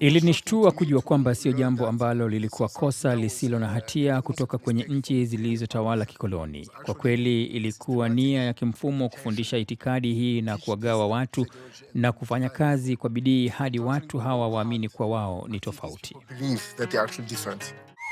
Ilinishtua kujua kwamba sio jambo ambalo lilikuwa kosa lisilo na hatia kutoka kwenye nchi zilizotawala kikoloni. Kwa kweli, ilikuwa nia ya kimfumo kufundisha itikadi hii na kuwagawa watu na kufanya kazi kwa bidii hadi watu hawa waamini kuwa wao ni tofauti.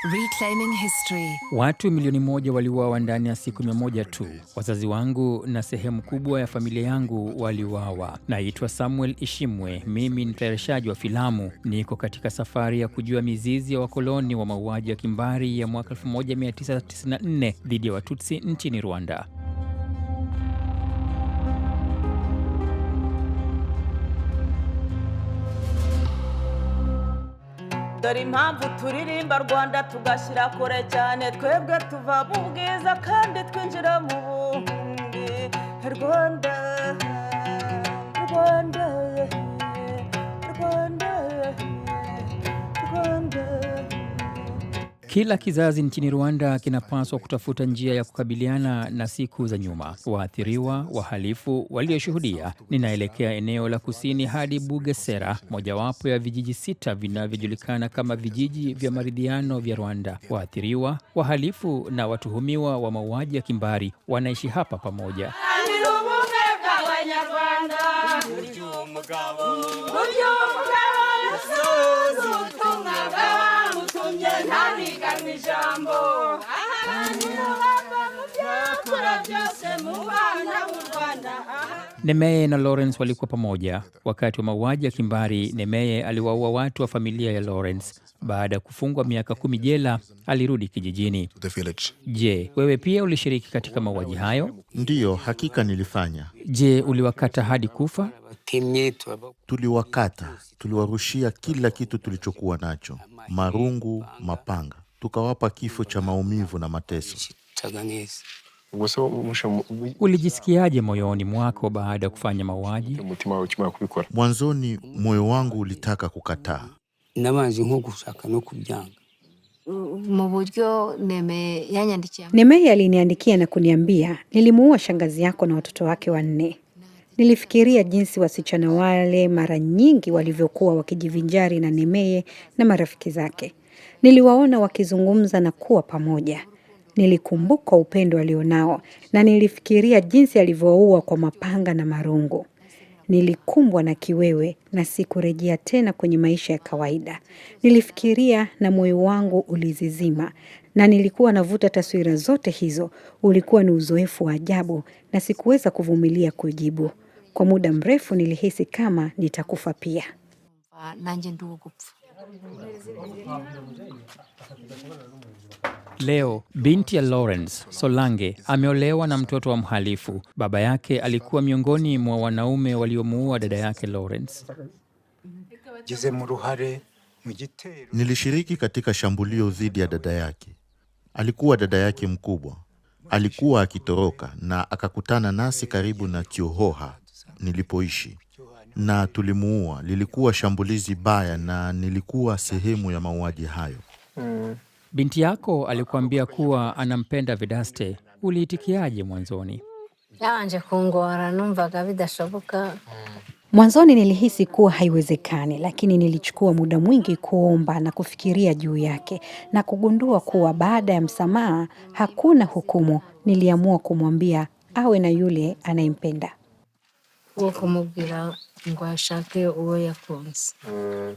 Reclaiming history. Watu milioni moja waliuawa ndani ya siku mia moja tu. Wazazi wangu na sehemu kubwa ya familia yangu waliuawa. Naitwa Samuel Ishimwe, mimi ni mtayarishaji wa filamu. Niko katika safari ya kujua mizizi ya wakoloni wa mauaji ya kimbari ya mwaka 1994 dhidi ya Watutsi nchini Rwanda. dore impamvu turirimba rwanda tugashyira kure cyane twebwe tuva mu bwiza kandi twinjira mu bundi rwanda rwanda Kila kizazi nchini Rwanda kinapaswa kutafuta njia ya kukabiliana na siku za nyuma. Waathiriwa, wahalifu walioshuhudia. Ninaelekea eneo la kusini hadi Bugesera, mojawapo ya vijiji sita vinavyojulikana kama vijiji vya maridhiano vya Rwanda. Waathiriwa, wahalifu na watuhumiwa wa mauaji ya kimbari wanaishi hapa pamoja. ijambo Nemeye na Lawrence walikuwa pamoja wakati wa mauaji ya kimbari. Nemeye aliwaua watu wa familia ya Lawrence. Baada ya kufungwa miaka kumi jela, alirudi kijijini. Je, wewe pia ulishiriki katika mauaji hayo? Ndiyo, hakika nilifanya. Je, uliwakata hadi kufa? Tuliwakata, tuliwarushia kila kitu tulichokuwa nacho, marungu, mapanga tukawapa kifo cha maumivu na mateso. Ulijisikiaje moyoni mwako baada ya kufanya mauaji? Mwanzoni moyo wangu ulitaka kukataa, Nemeye aliniandikia na kuniambia, nilimuua shangazi yako na watoto wake wanne. Nilifikiria jinsi wasichana wale mara nyingi walivyokuwa wakijivinjari na Nemeye na marafiki zake. Niliwaona wakizungumza na kuwa pamoja. Nilikumbuka upendo alionao na nilifikiria jinsi alivyoua kwa mapanga na marungu. Nilikumbwa na kiwewe na sikurejea tena kwenye maisha ya kawaida. Nilifikiria na moyo wangu ulizizima, na nilikuwa navuta taswira zote hizo. Ulikuwa ni uzoefu wa ajabu na sikuweza kuvumilia kujibu. Kwa muda mrefu nilihisi kama nitakufa pia. Leo binti ya Lawrence Solange ameolewa na mtoto wa mhalifu. Baba yake alikuwa miongoni mwa wanaume waliomuua dada yake Lawrence. Nilishiriki katika shambulio dhidi ya dada yake. Alikuwa dada yake mkubwa, alikuwa akitoroka na akakutana nasi karibu na Kiohoha nilipoishi na tulimuua. Lilikuwa shambulizi baya na nilikuwa sehemu ya mauaji hayo. Mm. Binti yako alikuambia kuwa anampenda Vedaste, uliitikiaje mwanzoni? Mwanzoni nilihisi kuwa haiwezekani, lakini nilichukua muda mwingi kuomba na kufikiria juu yake na kugundua kuwa baada ya msamaha hakuna hukumu. Niliamua kumwambia awe na yule anayempenda ngo ashake uwo yafunze. Mm,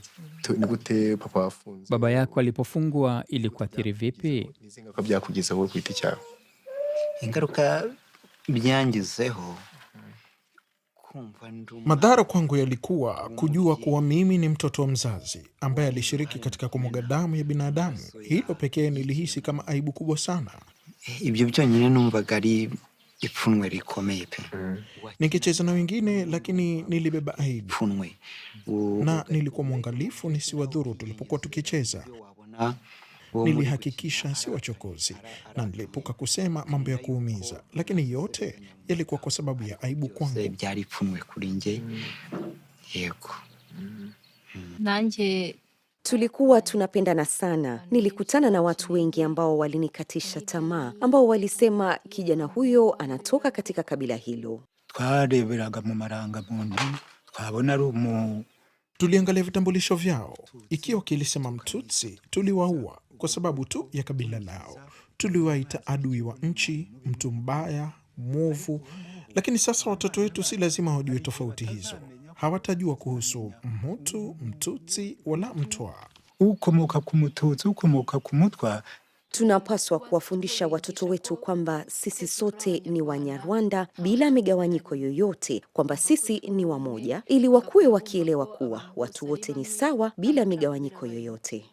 Baba yako alipofungwa ilikuathiri vipi? Ingaruka byangizeho Madhara kwangu yalikuwa kujua kuwa mimi ni mtoto wa mzazi ambaye alishiriki katika kumwaga damu ya binadamu. Hilo pekee nilihisi kama aibu kubwa sana. Eh, ibyo numvaga ari ipfunwe rikomeye pe mm. nikicheza na wengine, lakini nilibeba aibu na nilikuwa mwangalifu nisiwadhuru tulipokuwa tukicheza. Nilihakikisha si wachokozi na niliepuka kusema mambo ya kuumiza, lakini yote yalikuwa kwa sababu ya aibu kwangu. byari ipfunwe kuri nje mm. yego mm. nanje Tulikuwa tunapendana sana. Nilikutana na watu wengi ambao walinikatisha tamaa, ambao walisema kijana huyo anatoka katika kabila hilo. twareberaga mu muntu twabona ari umu Tuliangalia vitambulisho vyao, ikiwa kilisema Mtutsi tuliwaua kwa sababu tu ya kabila lao. Tuliwaita adui wa nchi, mtu mbaya, mwovu. Lakini sasa watoto wetu si lazima wajue tofauti hizo hawatajua kuhusu Mhutu, mtuti wala Mtwa. ukomoka ku Mututsi ukomoka ku Mutwa. Tunapaswa kuwafundisha watoto wetu kwamba sisi sote ni Wanyarwanda bila migawanyiko yoyote, kwamba sisi ni wamoja, ili wakuwe wakielewa kuwa watu wote ni sawa bila migawanyiko yoyote.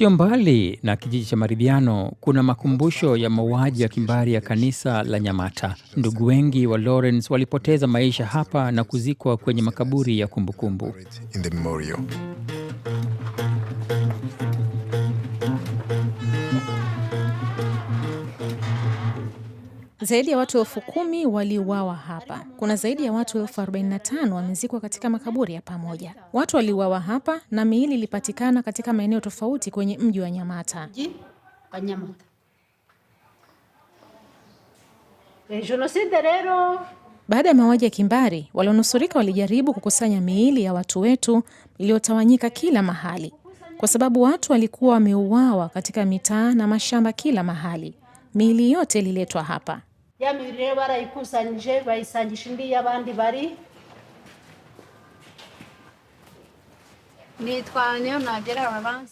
Sio mbali na kijiji cha Maridhiano kuna makumbusho ya mauaji ya kimbari ya kanisa la Nyamata. Ndugu wengi wa Lawrence walipoteza maisha hapa na kuzikwa kwenye makaburi ya kumbukumbu -kumbu. Zaidi ya watu elfu kumi waliuawa hapa. Kuna zaidi ya watu elfu 45 wamezikwa katika makaburi ya pamoja. Watu waliuawa hapa na miili ilipatikana katika maeneo tofauti kwenye mji wa Nyamata. Eh, Baada ya mauaji ya kimbari, walionusurika walijaribu kukusanya miili ya watu wetu iliyotawanyika kila mahali, kwa sababu watu walikuwa wameuawa katika mitaa na mashamba kila mahali. Miili yote ililetwa hapa. ya mibiri rero barayikusanyije bayisangisha indi y'abandi bari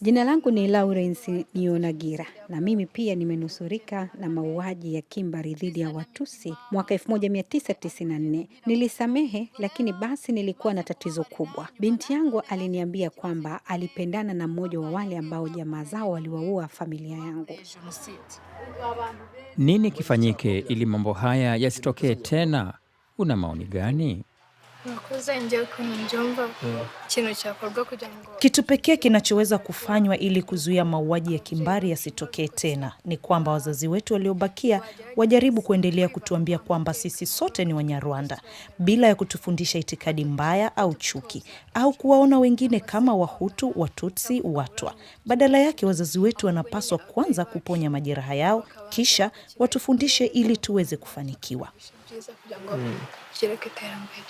Jina langu ni Lawrence Nionagira na mimi pia nimenusurika na mauaji ya kimbari dhidi ya Watusi mwaka 1994. Nilisamehe, lakini basi nilikuwa na tatizo kubwa. Binti yangu aliniambia kwamba alipendana na mmoja wa wale ambao jamaa zao waliwaua familia yangu. Nini kifanyike ili mambo haya yasitokee tena? Una maoni gani? Kitu pekee kinachoweza kufanywa ili kuzuia mauaji ya kimbari yasitokee tena ni kwamba wazazi wetu waliobakia wajaribu kuendelea kutuambia kwamba sisi sote ni Wanyarwanda, bila ya kutufundisha itikadi mbaya au chuki au kuwaona wengine kama Wahutu, Watutsi, Watwa. Badala yake, wazazi wetu wanapaswa kwanza kuponya majeraha yao, kisha watufundishe ili tuweze kufanikiwa byiza kugira ngo mm. tugere ku iterambere.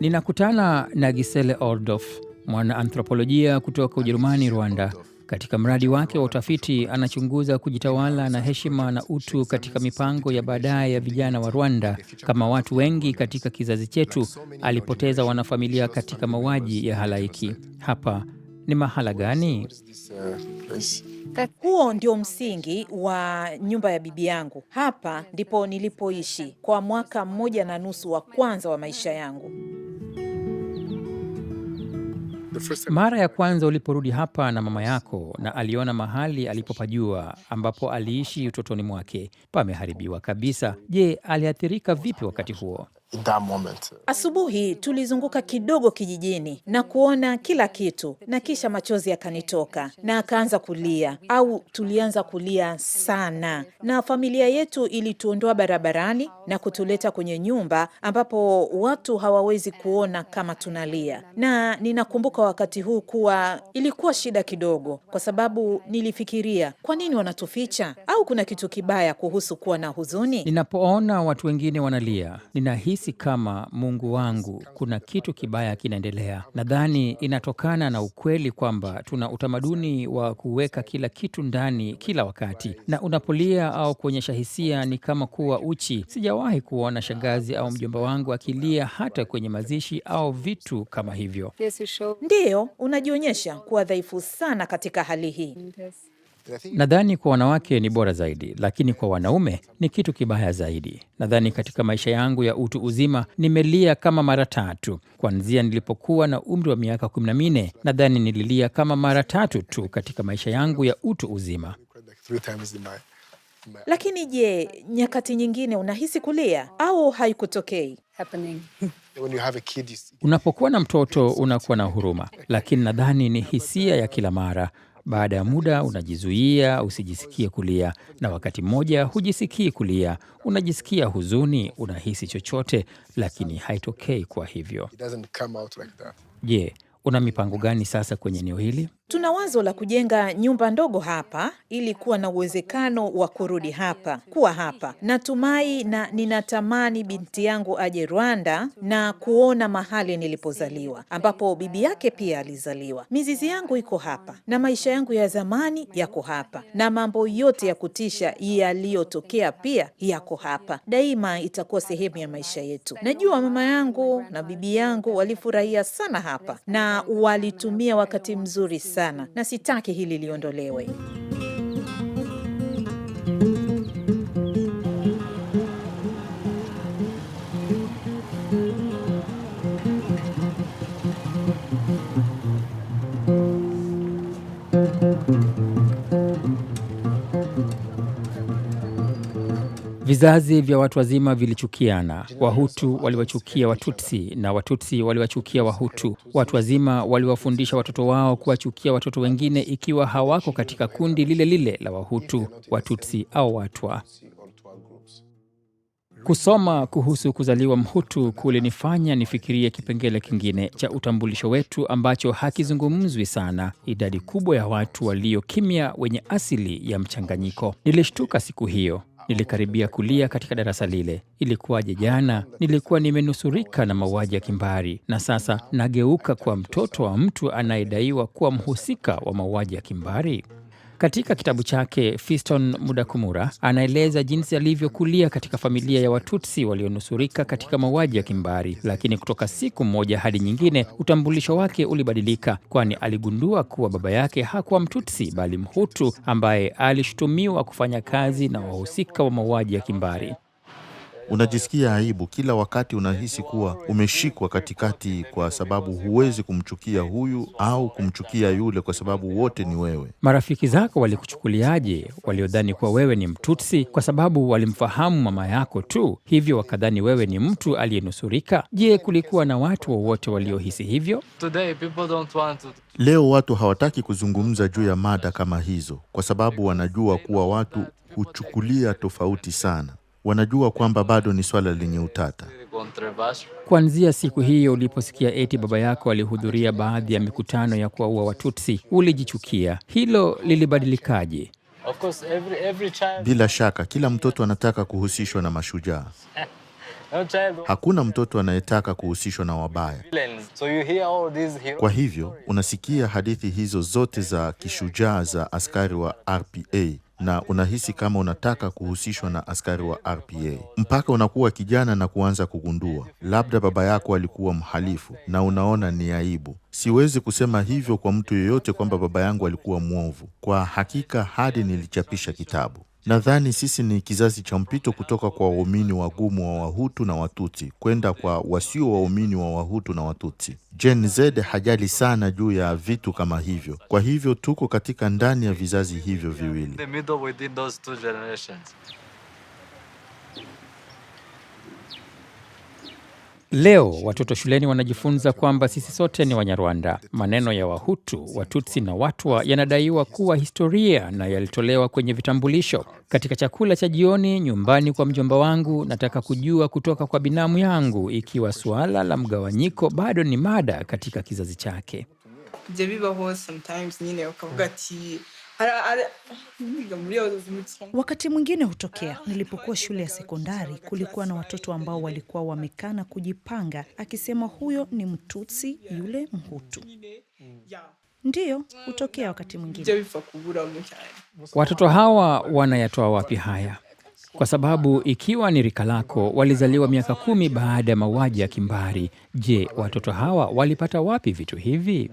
Ninakutana na Gisele ordof mwana anthropolojia kutoka Ujerumani, Rwanda. Katika mradi wake wa utafiti anachunguza kujitawala na heshima na utu katika mipango ya baadaye ya vijana wa Rwanda. Kama watu wengi katika kizazi chetu, alipoteza wanafamilia katika mauaji ya halaiki. Hapa ni mahala gani? Huo ndio msingi wa nyumba ya bibi yangu. Hapa ndipo nilipoishi kwa mwaka mmoja na nusu wa kwanza wa maisha yangu. Mara ya kwanza uliporudi hapa na mama yako, na aliona mahali alipopajua ambapo aliishi utotoni mwake pameharibiwa kabisa. Je, aliathirika vipi wakati huo? in that moment. Asubuhi tulizunguka kidogo kijijini na kuona kila kitu, na kisha machozi yakanitoka na akaanza kulia, au tulianza kulia sana, na familia yetu ilituondoa barabarani na kutuleta kwenye nyumba ambapo watu hawawezi kuona kama tunalia. Na ninakumbuka wakati huu kuwa ilikuwa shida kidogo, kwa sababu nilifikiria, kwa nini wanatuficha? Au kuna kitu kibaya kuhusu kuwa na huzuni? Ninapoona watu wengine wanalia, nina nahisi kama Mungu wangu, kuna kitu kibaya kinaendelea. Nadhani inatokana na ukweli kwamba tuna utamaduni wa kuweka kila kitu ndani kila wakati, na unapolia au kuonyesha hisia ni kama kuwa uchi. Sijawahi kuona shangazi au mjomba wangu akilia hata kwenye mazishi au vitu kama hivyo. Ndiyo, unajionyesha kuwa dhaifu sana katika hali hii. Nadhani kwa wanawake ni bora zaidi, lakini kwa wanaume ni kitu kibaya zaidi. Nadhani katika maisha yangu ya utu uzima nimelia kama mara tatu, kuanzia nilipokuwa na umri wa miaka kumi na minne. Nadhani nililia kama mara tatu tu katika maisha yangu ya utu uzima. Lakini je, nyakati nyingine unahisi kulia au haikutokei? Unapokuwa na mtoto unakuwa na huruma, lakini nadhani ni hisia ya kila mara. Baada ya muda unajizuia usijisikie kulia, na wakati mmoja hujisikii kulia, unajisikia huzuni, unahisi chochote, lakini haitokei. Kwa hivyo, je, una mipango gani sasa kwenye eneo hili? Tuna wazo la kujenga nyumba ndogo hapa ili kuwa na uwezekano wa kurudi hapa, kuwa hapa. Natumai na ninatamani binti yangu aje Rwanda na kuona mahali nilipozaliwa ambapo bibi yake pia alizaliwa. Mizizi yangu iko hapa na maisha yangu ya zamani yako hapa na mambo yote ya kutisha yaliyotokea pia yako hapa. Daima itakuwa sehemu ya maisha yetu. Najua mama yangu na bibi yangu walifurahia sana hapa na walitumia wakati mzuri sana na sitaki hili liondolewe. Vizazi vya watu wazima vilichukiana. Wahutu waliwachukia Watutsi na Watutsi waliwachukia Wahutu. Watu wazima waliwafundisha watoto wao kuwachukia watoto wengine ikiwa hawako katika kundi lile lile la Wahutu, Watutsi au Watwa. Kusoma kuhusu kuzaliwa Mhutu kulinifanya nifikirie kipengele kingine cha utambulisho wetu ambacho hakizungumzwi sana: idadi kubwa ya watu walio kimya wenye asili ya mchanganyiko. Nilishtuka siku hiyo. Nilikaribia kulia katika darasa lile. Ilikuwaje jana? Nilikuwa nimenusurika na mauaji ya kimbari, na sasa nageuka kwa mtoto wa mtu anayedaiwa kuwa mhusika wa mauaji ya kimbari. Katika kitabu chake Fiston Mudakumura anaeleza jinsi alivyokulia katika familia ya Watutsi walionusurika katika mauaji ya kimbari, lakini kutoka siku moja hadi nyingine utambulisho wake ulibadilika, kwani aligundua kuwa baba yake hakuwa Mtutsi bali Mhutu ambaye alishutumiwa kufanya kazi na wahusika wa mauaji ya kimbari. Unajisikia aibu kila wakati, unahisi kuwa umeshikwa katikati, kwa sababu huwezi kumchukia huyu au kumchukia yule, kwa sababu wote ni wewe. Marafiki zako walikuchukuliaje, waliodhani kuwa wewe ni Mtutsi kwa sababu walimfahamu mama yako tu, hivyo wakadhani wewe ni mtu aliyenusurika? Je, kulikuwa na watu wowote wa waliohisi hivyo? Today, Leo watu hawataki kuzungumza juu ya mada kama hizo kwa sababu wanajua kuwa watu huchukulia tofauti sana wanajua kwamba bado ni swala lenye utata. Kuanzia siku hiyo uliposikia eti baba yako alihudhuria baadhi ya mikutano ya kuwaua Watutsi ulijichukia. Hilo lilibadilikaje? Bila shaka kila mtoto anataka kuhusishwa na mashujaa. Hakuna mtoto anayetaka kuhusishwa na wabaya. Kwa hivyo unasikia hadithi hizo zote za kishujaa za askari wa RPA na unahisi kama unataka kuhusishwa na askari wa RPA mpaka unakuwa kijana na kuanza kugundua labda baba yako alikuwa mhalifu na unaona ni aibu. Siwezi kusema hivyo kwa mtu yeyote kwamba baba yangu alikuwa mwovu. Kwa hakika hadi nilichapisha kitabu. Nadhani sisi ni kizazi cha mpito kutoka kwa waumini wagumu wa Wahutu na Watutsi kwenda kwa wasio waumini wa Wahutu na Watutsi. Gen Z hajali sana juu ya vitu kama hivyo, kwa hivyo tuko katika ndani ya vizazi hivyo viwili. Leo watoto shuleni wanajifunza kwamba sisi sote ni Wanyarwanda. Maneno ya Wahutu, Watutsi na Watwa yanadaiwa kuwa historia na yalitolewa kwenye vitambulisho. Katika chakula cha jioni nyumbani kwa mjomba wangu, nataka kujua kutoka kwa binamu yangu ikiwa suala la mgawanyiko bado ni mada katika kizazi chake. Wakati mwingine hutokea. Nilipokuwa shule ya sekondari, kulikuwa na watoto ambao walikuwa wamekana kujipanga, akisema huyo ni Mtutsi, yule Mhutu. Ndiyo, hutokea wakati mwingine. Watoto hawa wanayatoa wapi haya? Kwa sababu ikiwa ni rika lako walizaliwa miaka kumi baada ya mauaji ya kimbari, je, watoto hawa walipata wapi vitu hivi?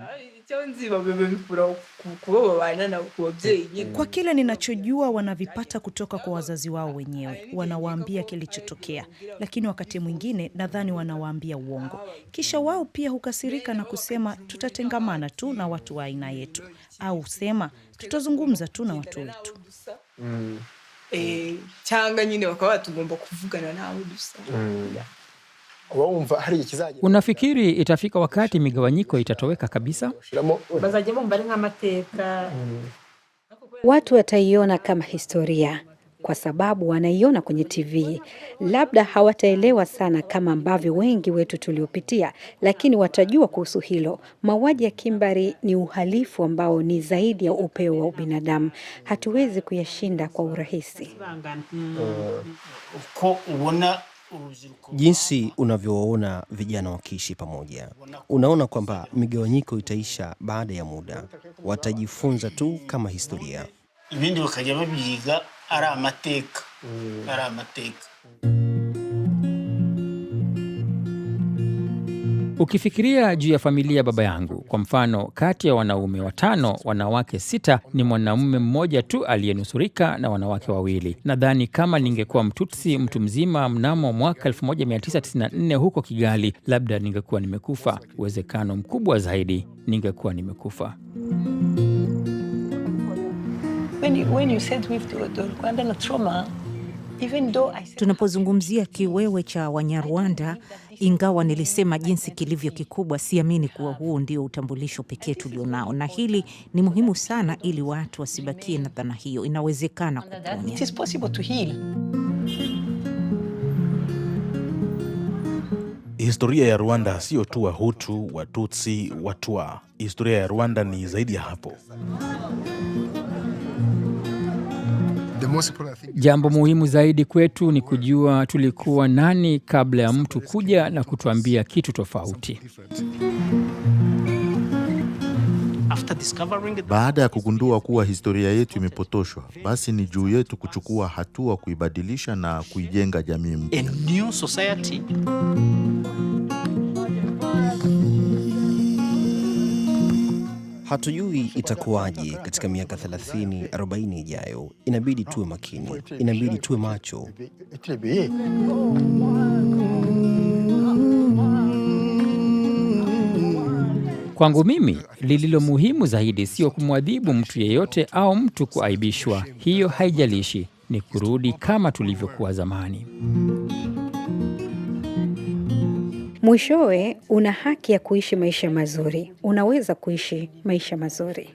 Eh, kwa kile ninachojua wanavipata kutoka kwa wazazi wao wenyewe wanawaambia kilichotokea lakini wakati mwingine nadhani wanawaambia uongo kisha wao pia hukasirika na kusema tutatengamana tu na watu wa aina yetu au husema tutazungumza tu na watu wetu mm. e, changa nyine wakawa tugomba kuvugana nao dusa mm. Unafikiri itafika wakati migawanyiko itatoweka kabisa? Watu wataiona kama historia kwa sababu wanaiona kwenye TV. Labda hawataelewa sana kama ambavyo wengi wetu tuliopitia, lakini watajua kuhusu hilo. Mauaji ya kimbari ni uhalifu ambao ni zaidi ya upeo wa ubinadamu, hatuwezi kuyashinda kwa urahisi. Uh, jinsi unavyowaona vijana wakiishi pamoja, unaona kwamba migawanyiko itaisha baada ya muda, watajifunza tu kama historia ibindi bakaja babyiga ari amateka ari amateka Ukifikiria juu ya familia ya baba yangu, kwa mfano, kati ya wanaume watano, wanawake sita, ni mwanaume mmoja tu aliyenusurika na wanawake wawili. Nadhani kama ningekuwa Mtutsi mtu mzima mnamo mwaka 1994 huko Kigali, labda ningekuwa nimekufa. Uwezekano mkubwa zaidi ningekuwa nimekufa. When you, when you Tunapozungumzia kiwewe cha Wanyarwanda, ingawa nilisema jinsi kilivyo kikubwa, siamini kuwa huu ndio utambulisho pekee tulionao, na hili ni muhimu sana, ili watu wasibakie na dhana hiyo. Inawezekana kuponya. Historia ya Rwanda sio tu Wahutu, Watutsi, Watwa. Historia ya Rwanda ni zaidi ya hapo. Jambo muhimu zaidi kwetu ni kujua tulikuwa nani kabla ya mtu kuja na kutuambia kitu tofauti. Baada ya kugundua kuwa historia yetu imepotoshwa, basi ni juu yetu kuchukua hatua kuibadilisha na kuijenga jamii mpya. Hatujui itakuwaje katika miaka 30, 40 ijayo. Inabidi tuwe makini, inabidi tuwe macho. Kwangu mimi lililo muhimu zaidi sio kumwadhibu mtu yeyote au mtu kuaibishwa, hiyo haijalishi, ni kurudi kama tulivyokuwa zamani. Mwishowe, una haki ya kuishi maisha mazuri, unaweza kuishi maisha mazuri.